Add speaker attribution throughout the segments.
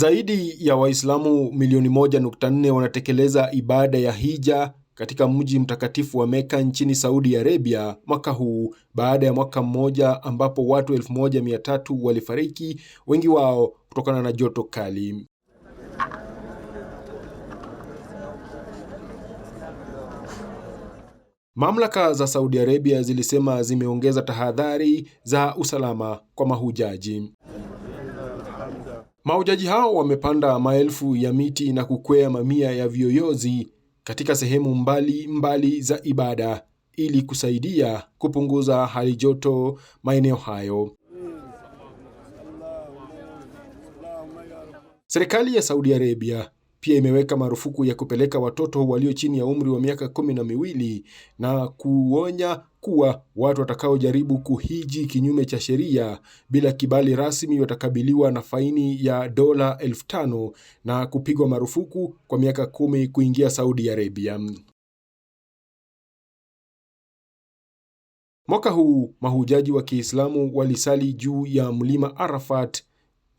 Speaker 1: Zaidi ya Waislamu milioni moja nukta nne wanatekeleza ibada ya hija katika mji mtakatifu wa Meka nchini Saudi Arabia mwaka huu baada ya mwaka mmoja ambapo watu 1300 walifariki, wengi wao kutokana na joto kali. Mamlaka za Saudi Arabia zilisema zimeongeza tahadhari za usalama kwa mahujaji. Mahujaji hao wamepanda maelfu ya miti na kukwea mamia ya viyoyozi katika sehemu mbali mbali za ibada ili kusaidia kupunguza hali joto maeneo hayo. Serikali ya Saudi Arabia pia imeweka marufuku ya kupeleka watoto walio chini ya umri wa miaka kumi na miwili na kuonya kuwa watu watakaojaribu kuhiji kinyume cha sheria bila kibali rasmi watakabiliwa na faini ya dola elfu tano na kupigwa marufuku kwa miaka kumi kuingia Saudi Arabia. Mwaka huu mahujaji wa Kiislamu walisali juu ya mlima Arafat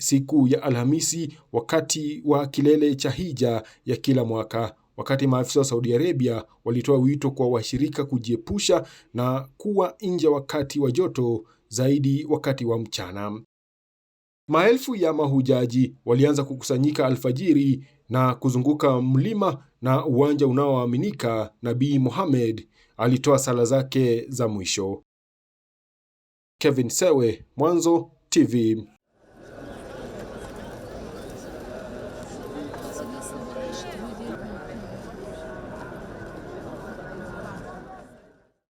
Speaker 1: siku ya Alhamisi wakati wa kilele cha hija ya kila mwaka. Wakati maafisa wa Saudi Arabia walitoa wito kwa washirika kujiepusha na kuwa nje wakati wa joto zaidi wakati wa mchana. Maelfu ya mahujaji walianza kukusanyika alfajiri na kuzunguka mlima na uwanja unaoaminika Nabii Muhammad alitoa sala zake za mwisho. Kevin Sewe, Mwanzo TV.